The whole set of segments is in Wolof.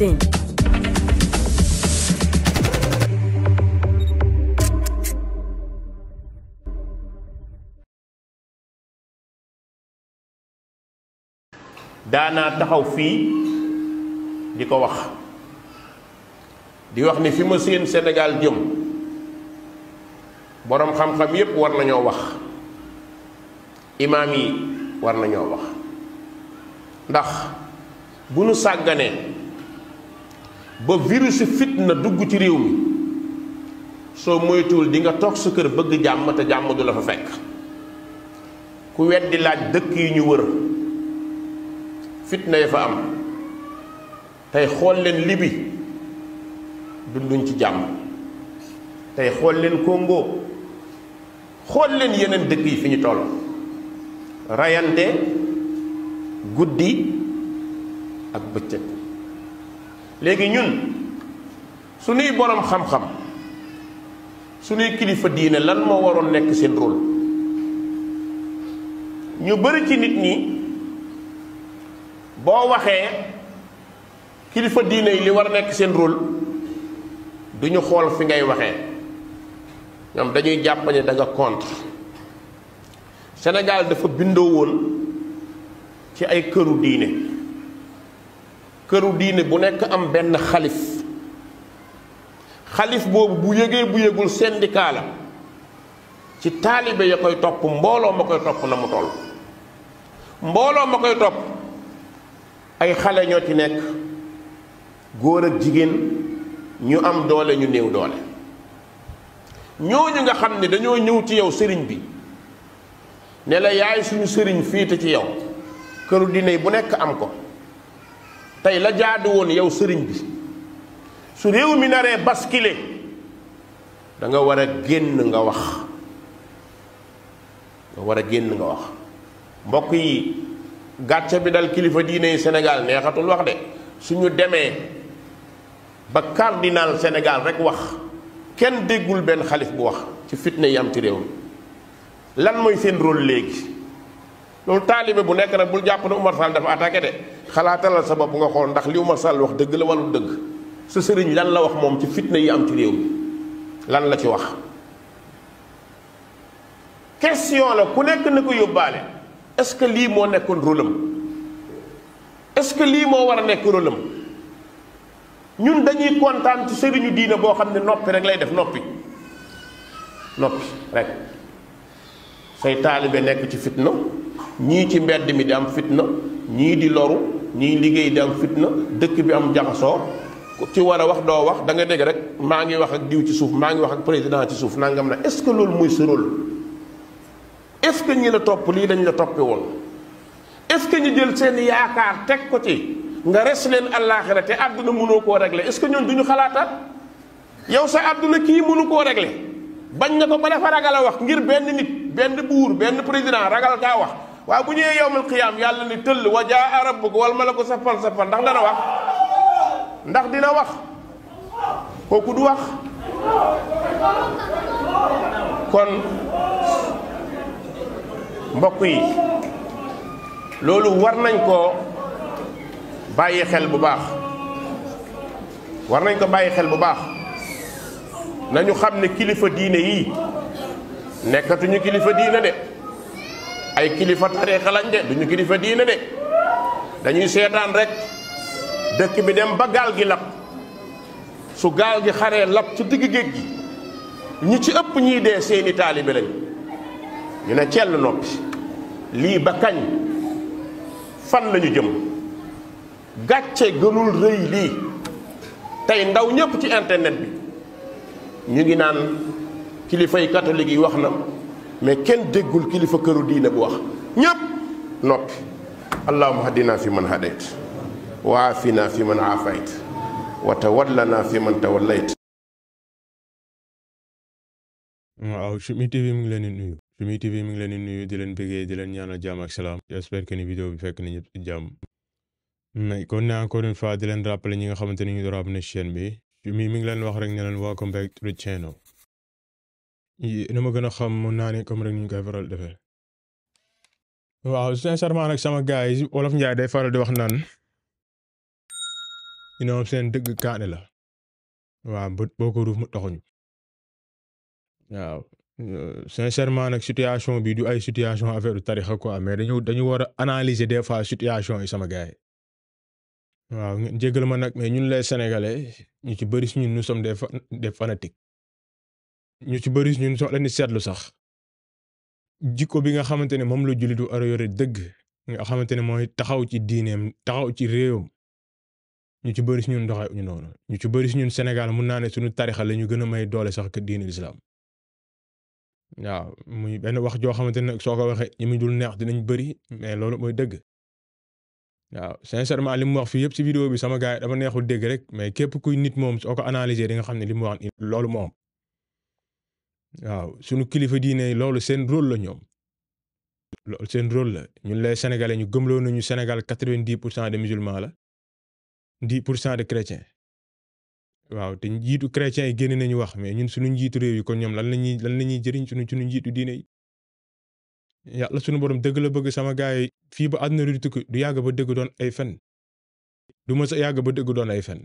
15. daanaa taxaw fii di ko wax di wax ni fi ma seen Sénégal jëm borom xam-xam yépp war nañoo wax imaam yi war nañoo wax ndax bu nu ba virus fitna dugg ci réew mi soo moytuwul di nga toog sa kër bëgg jàmm te jàmm du la fa fekk ku weddi laaj dëkk yi ñu wër fitna yi fa am tey xool leen libi dunduñ ci jàmm tey xool leen Congo xool leen yeneen dëkk yi fi ñu toll rayante guddi ak bëccëg léegi ñun suñuy boroom xam-xam suñuy kilifa diine lan moo waroon nekk seen rôle ñu bari ci nit ñi boo waxee kilifa diine yi li war a nekk seen rol du ñu xool fi ngay waxee ñoom dañuy jàpp ne da nga contre Sénégal dafa bindoo woon ci ay këru diine këru diine bu nekk am benn xalif xalif boobu bu yëgee bu yëgul syndicat ci taalibe ya koy topp mbooloo ma koy topp na mu toll mbooloo ma koy topp ay xale ñoo ci nekk góor ak jigéen ñu am doole ñu néew doole ñooñu nga xam ni dañoo ñëw ci yaw sëriñ bi ne la yaay suñu sëriñ fiite ci yow këru diine bu nekk am ko tay la jaadu woon yow sëriñ bi su réew mi naree basculer da nga wara a génn nga wax nga war a génn nga wax mbokk yi gàcce bi dal kilifa diine neexatul wax de suñu demee ba cardinal rek wax Ken degul ben Khalif bu wax ci fitne yi am ci réew lan mooy seen rôle léegi loolu taalibe bu nekk nag bul na umar sall dafa attaqué de xalaatalal sa bopp nga xool ndax li Umar Sall wax dëgg la walu dëgg sa sëriñ lan la wax moom ci fitna yi am ci réew mi lan la ci wax question la ku nekk na ko yóbbaale est ce que lii moo nekkoon rôlam est ce que lii moo war a ñun dañuy ci rek lay def rek say ci fitna ci mi di am fitna di loru ñiy liggéey di am fitna dëkk bi am jaxasoo ci war a wax doo wax da nga dégg rek maa ngi wax ak diw ci suuf maa ngi wax ak président ci suuf nangam na est-ce que loolu mooy sa rôle est-ce que ñi la topp lii dañ la toppi woon est-ce que ñu jël seen yaakaar teg ko ci nga res leen àllaaxira te àdduna munoo koo régler est-ce que ñoom duñu xalaataat yow sa àdduna kii mënu koo régler bañ nga ko ba dafa ragal a wax ngir benn nit benn buur benn président ragal gaa wax waaw bu ñëwee yowmal qiyaam yàlla ni tëll wa jaa rabbuka wal malaku safan safan ndax dana wax ndax dina wax kooku du wax kon mbokk yi loolu war nañ koo bàyyi xel bu baax war nañ ko bàyyi xel bu baax nañu xam ne kilifa diine yii nekkatuñu kilifa diina de ay kilifa tarixa lañ de duñu kilifa diine de dañuy seetaan rek dëkk bi dem ba gaal gi lap su gaal gi xaree lap ci digg géej gi ñi ci ëpp ñiy dee seeni taalibe lañ ñu ne cell noppi lii ba kañ fan lañu jëm gàcce gënul rëy lii tey ndaw ñëpp ci internet bi ñu ngi naan kilifay catholique yi wax na mais kenn déggul kilifa këru diine bu wax ñépp noppi allahuma hadina fi man hadayt wa afina fi man aafayt wa tawallana fi man tawallayt waaw Choumi TV mi ngi leen di nuyu Choumi TV mi ngi leen di nuyu di leen bëggee di leen ñaanal jàmm ak salaam j'espère que ni vidéo bi fekk na ñëpp ci jàmm mais kon ne encore une fois di leen rappeler ñi nga xamante ni ñu doon abonné chaîne bi Choumi mi ngi leen wax rek ne leen welcome back to the nu ma gën a xam mun naa ne comme rek ni ñu koy faral defee waaw sincèrement nag sama gars yi Njaay day faral di wax naan ñoom seen dëgg kaane la waaw boo ko ruuf mu taxuñu waaw sincèrement nag situation bii du ay situation affaire tarixa quoi mais dañu dañu war a analyser des fois situation yi sama gars waaw jégal ma nag mais ñun les sénégalais ñu ci bëri si ñun nous sommes des des ñu ci bëri ñun soo leen di seetlu sax jikko bi nga xamante ne moom la jullitu war a yore dëgg nga xamante ne mooy taxaw ci diineem taxaw ci réewam ñu ci bëri si ñun doxee ñu noonu ñu ci bëri si ñun Sénégal mun naa ne suñu tarixa la ñu gën a may doole sax que diine lislaam waaw muy benn wax joo xamante ne soo ko waxee ñi mu dul neex dinañ bëri mais loolu mooy dëgg waaw sincèrement li mu wax fii yëpp si vidéo bi sama gars yi dafa neexul rek mais képp kuy nit moom soo ko analyser di nga xam ne li mu wax loolu moom waaw sunu kilifa diine loolu seen rôle la ñoom loolu seen rôle la ñun les sénégalais ñu gëmloo nañu Sénégal quatre-vingt-dix pour cent de musulmans la dix pour cent de chrétiens waaw te njiitu chrétiens yi génn nañu wax mais ñun suñu njiitu réew yi kon ñoom lan la ñuy lan la ñuy jëriñ suñu suñu njiitu diine yi yàlla suñu borom dëgg la bëgg sama gars yi fii ba àdduna du tukki du yàgg ba dëgg doon ay fen du ma sa yàgg ba dëgg doon ay fen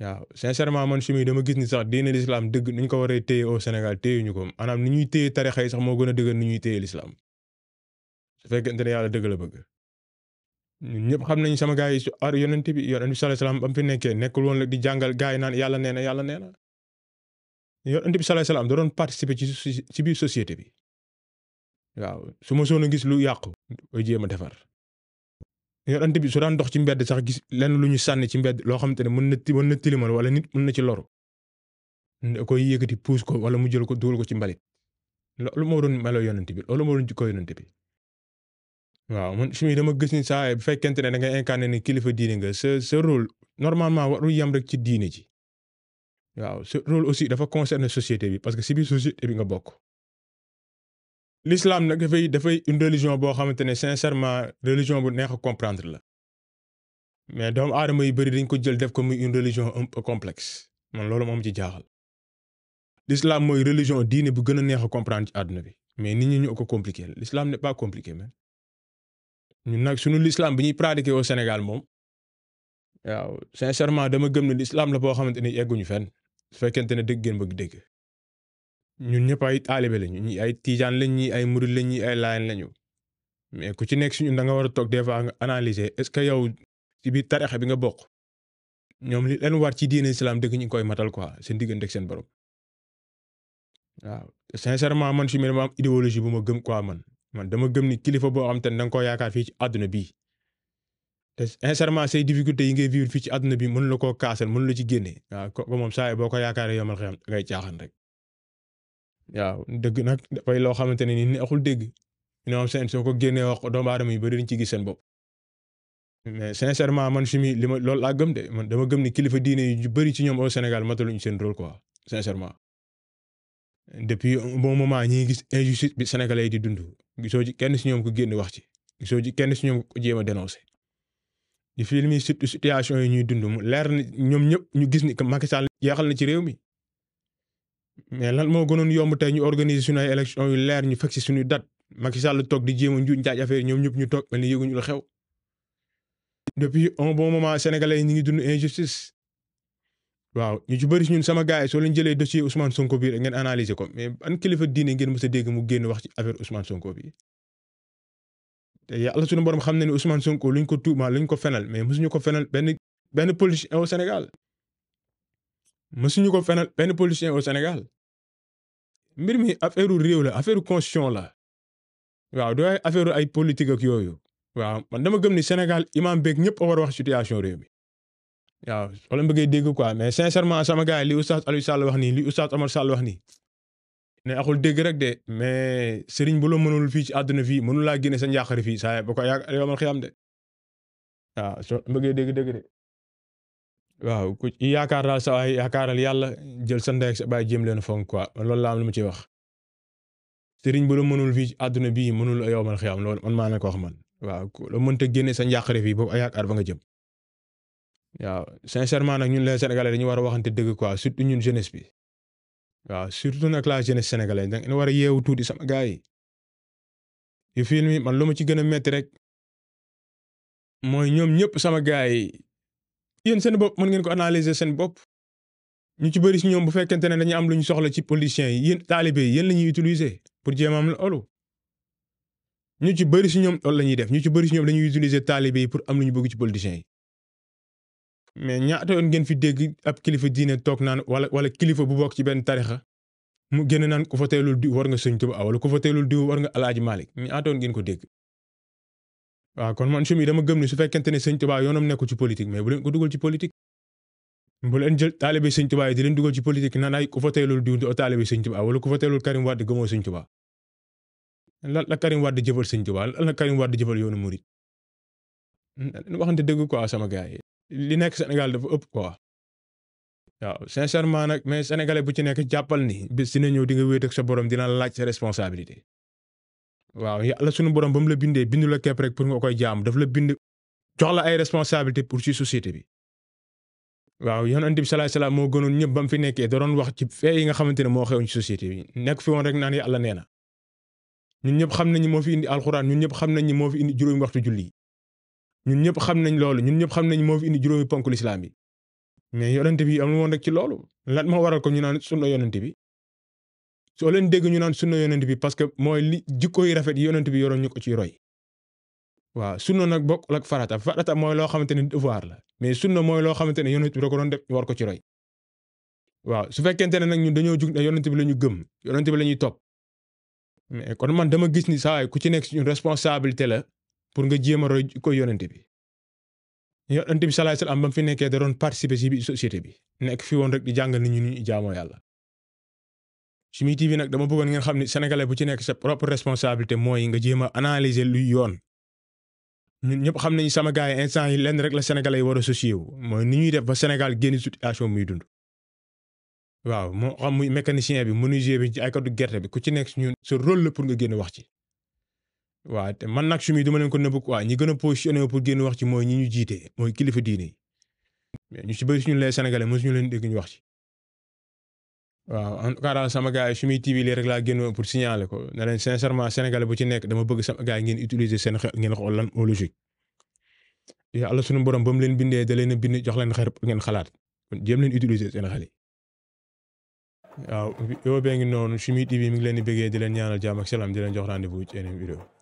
waaw sincèrement man chimie dama gis ni sax diine l'islam dëgg ni ñu ko waree téye au Sénégal téye ñu ko maanaam ni ñuy téye tarixa yi sax moo gën a dëgër ni ñuy téye l'islam su fekkente ne yàlla dëgg la bëgg ñun ñëpp xam nañ sama gars yi su ar yonent bi yonent bi sallallahu alayhi wasallam ba woon rek di jàngal gars yi naan yàlla nee na yàlla nee na yonent bi sallallahu alayhi wasallam da doon participer ci biir société bi waaw su ma soon a gis lu yàqu koy jéem a defar yorante bi su daan dox ci mbedd sax gis lenn lu ñu sànni ci mbedd loo xamante ne mën na mën na tilimal wala nit mën na ci loru da koy yëkkati puus ko wala mu jël ko dugal ko ci mbalit loolu moo doon melo yonent bi loolu moo doon koy yonent bi waaw man su dama gis ni saa bu fekkente ne da nga incarné ni kilifa diine nga sa sa rôle normalement waru yem rek ci diine ji waaw sa rôle aussi dafa concerner société bi parce que si biir société bi nga bokk l'islam nak dafay dafay une religion bo xamantene sincèrement religion bu neex comprendre la mais doomu aadama yu bëri dañ ko jël def ko muy une religion un peu complexe man lolu mom ci jaaxal l'islam moy religion diine bu gëna a neex comprendre ci aduna bi mais nit ñi ñu ko compliqué l'islam n'est pas compliqué man ñun nak suñu l'islam bi ñuy pratiquer au Sénégal mom waaw sincèrement dama gëm ne l'islam la bo xamantene ni egguñu fenn su fekkente ne dëgg ngeen bëgg dëgg ñun ñëpp ay taalibe lañu ñi ay tiijaan lañ ñi ay murid lañ ñi ay laayeen lañu mais ku ci nekk si ñun da nga war a toog des fois nga analyser est ce que yow ci biir tarixa bi nga bokk ñoom li leen war ci diine islam dëgg ñu ngi koy matal quoi seen diggante ak seen borom waaw sincèrement man su ma am idéologie bu ma gëm quoi man man dama gëm ni kilifa boo xam te ne da nga koo yaakaar fii ci àdduna bii te sincèrement say difficultés yi ngay vivre fii ci àdduna bi mën la koo kaasal mën la ci génne waaw moom saa boo ko yaakaaree yomal xiyam ngay caaxaan rek. waaw dëgg nag dafay loo xamante ne ni neexul dégg ñoo am seen soo ko génnee wax ko doomu aadama yi bëri nañ ci gis seen bopp mais sincèrement man fi mi li ma loolu laa gëm man dama gëm ni kilifa diine yu bëri ci ñoom au Sénégal mataluñu seen rôle quoi sincèrement. depuis un bon ñi gis injustice bi Sénégalais yi di dund gisoo ci kenn si ñoom ko génn wax ci gisoo ci kenn si ñoom ko jéem a dénoncé di film yi surtout situation yi ñuy dund mu leer na ñoom ñëpp ñu gis ni que Macky Sall yaaxal na ci réew mi. mais lan moo gënoon yomb tey ñu organiser suñu ay élection yu leer ñu fekk si suñu date Macky Sall toog di jéem a njuuj njaaj affaire ñoom ñëpp ñu toog mel ni yëguñu la xew. depuis un bon moment yi ñu ngi dund injustice. waaw ñu ci bëri ñun sama gars yi soo leen jëlee dossier Ousmane Sonko bi rek ngeen analyser ko mais an kilifa diine ngeen mës a dégg mu génn wax ci affaire Ousmane Sonko bi. te yàlla suñu borom xam na ne Ousmane Sonko luñ ko tuumaal luñ ko fenal mais ñu ko fenal benn benn politicien au Sénégal. mësuñu ko fenal benn politicien au Sénégal mbir mi affaire réew la affaire constitution la waaw doo ay affaire ay politique ak yooyu waaw man dama gëm ni Sénégal imam beeg ñëpp a war a wax situation réew mi waaw wala bëggee dégg ko mais sincèrement sama gars yi li oustaz Aliou Sall wax nii li oustaz Omar Sall wax ni ne axul dégg de mais sëriñ bu la mënul fii ci àdduna fii mënul laa génne sa njaaxare fii saa ba ko yàgg yow man xiyam de waaw soo bëggee dégg-dégg waaw ku yaakaar daal sa waay yaakaaral yàlla jël sa ndey ak sa baay jéem leen fonk quoi loolu laa am lu mu ci wax sëriñ bu la mënul fii àdduna bii mënul yow man xiyam loolu man maa ne ko wax man waaw ku la mënta génne sa njàqare fii boobu ay yaakaar ba nga jëm waaw sincèrement nag ñun les sénégalais dañu war a waxante dëgg quoi surtout ñun jeunesse bi waaw surtout nag la jeunesse sénégalaise da ngeen war a yeewu tuuti sama gars yi yu film yi man lu ma ci gën a métti rek mooy ñoom ñëpp sama gars yi yéen seen bopp mën ngeen ko analyser seen bopp ñu ci bëri si ñoom bu fekkente ne dañu am lu ñu soxla ci politiciens yi yéen taalibe yi yéen la ñuy utiliser pour jéem am loolu ñu ci bëri si ñoom loolu la ñuy def ñu ci bëri si ñoom dañuy utiliser taalibe yi pour am lu ñu bëgg ci politiciens yi mais ñaata yoon ngeen fi dégg ab kilifa diine toog naan wala wala kilifa bu bokk ci benn tarixa mu génn naan ku fa diw war nga Sëñ Tuubaa wala ku fa diw war nga Alaaji Maalik ñaata yoon ngeen ko dégg waaw kon man chemise dama gëm ne su fekkente ne sëñ Tuubaa yoonam nekku ci politique mais bu leen ko dugal ci politique bu leen jël taalibe sëñ Tuubaa yi di leen dugal ci politique naan ay ku voteelul diw di taalibe sëñ Tuubaa wala ku voteelul Karim Wade gëmoo sëñ Tuubaa lan la Karim Wade jëfal sëñ Tuubaa lan la Karim Wade jëfal yoonu murit waxante dëgg quoi sama gars yi li nekk Sénégal dafa ëpp quoi waaw sincèrement nag mais sénégalais bu ci nekk jàppal ni bés dina ñëw di nga wéet ak sa borom dina laaj responsabilité waaw yàlla sunu borom ba mu la bindee bindu la képp pour nga koy jaam daf la bind jox la ay responsabilité pour ci société bi. waaw yonent bi salaay salaam moo gënoon ñëpp ba mu fi nekkee da doon wax ci fee yi nga xamante ne moo xewoon ci société bi nekk fi woon rek naan yàlla nee na ñun ñëpp xam nañ moo fi indi alxuraan ñun ñëpp xam nañ moo fi indi juróomi waxtu julli ñun ñëpp nañ loolu ñun ñëpp xam nañ moo fi indi juróomi ponk lislaam yi mais yonent bi amul woon rek ci loolu lan moo waral ko ñu naan sunna yonent bi soo leen dégg ñu naan sunna yonent bi parce que mooy li jikko yi rafet yonent bi yoroon ñu ko ciy roy waaw sunna nag bokkul ak farata farata mooy loo xamante ne devoir la mais sunna mooy loo xamante ne yonent bi da ko war ko ci roy waaw su fekkente ne nag ñun dañoo jug ne yonent bi la ñu gëm yonent bi la ñuy topp mais kon man dama gis ni saa ku ci nekk suñu responsabilité la pour nga jéem a roy ko yonent bi yonent bi salaay salaam ba fi nekkee da doon participer si bi société bi nekk fi woon rek di jàngal ni ñu ñuy jaamoo yàlla Choumi TV nag dama bëggoon ngeen xam ni sénégalais bu ci nekk sa propre responsabilité mooy nga jéem a analyser lu yoon ñun ñëpp xam nañu sama gars yi instant yi lenn rek la sénégalais yi war a associé wu mooy ni ñuy def ba senegal génn situation muy dund. waaw moo xam muy mécanicien bi menuisier bi ci ay kàddu gerte bi ku ci nekk ñun sa rôle la pour nga génn wax ci. waa te man nag Choumi duma leen ko nëbb quoi ñi gën a positionné pour génn wax ci mooy ñi ñu jiite mooy kilifa diine yi. mais ñu ci bëri suñu lay sénégalais mosuñu leen dégg ñu wax ci. waaw en tout cas daal sama gars yi Choumi TV rek laa génn pour signaler ko ne leen sincèrement sénégalais bu ci nekk dama bëgg sama gars ngeen utiliser seen xel ngeen xool lan moo logique yàlla sunu borom ba mu leen bindee da leen a bind jox leen xel ngeen xalaat kon jéem leen utiliser seen xel yi. waaw yow bee ngi noonu Choumi TV mi ngi leen di bëggee di leen ñaanal jàmm ak salaam di leen jox rendez-vous ci yeneen vidéo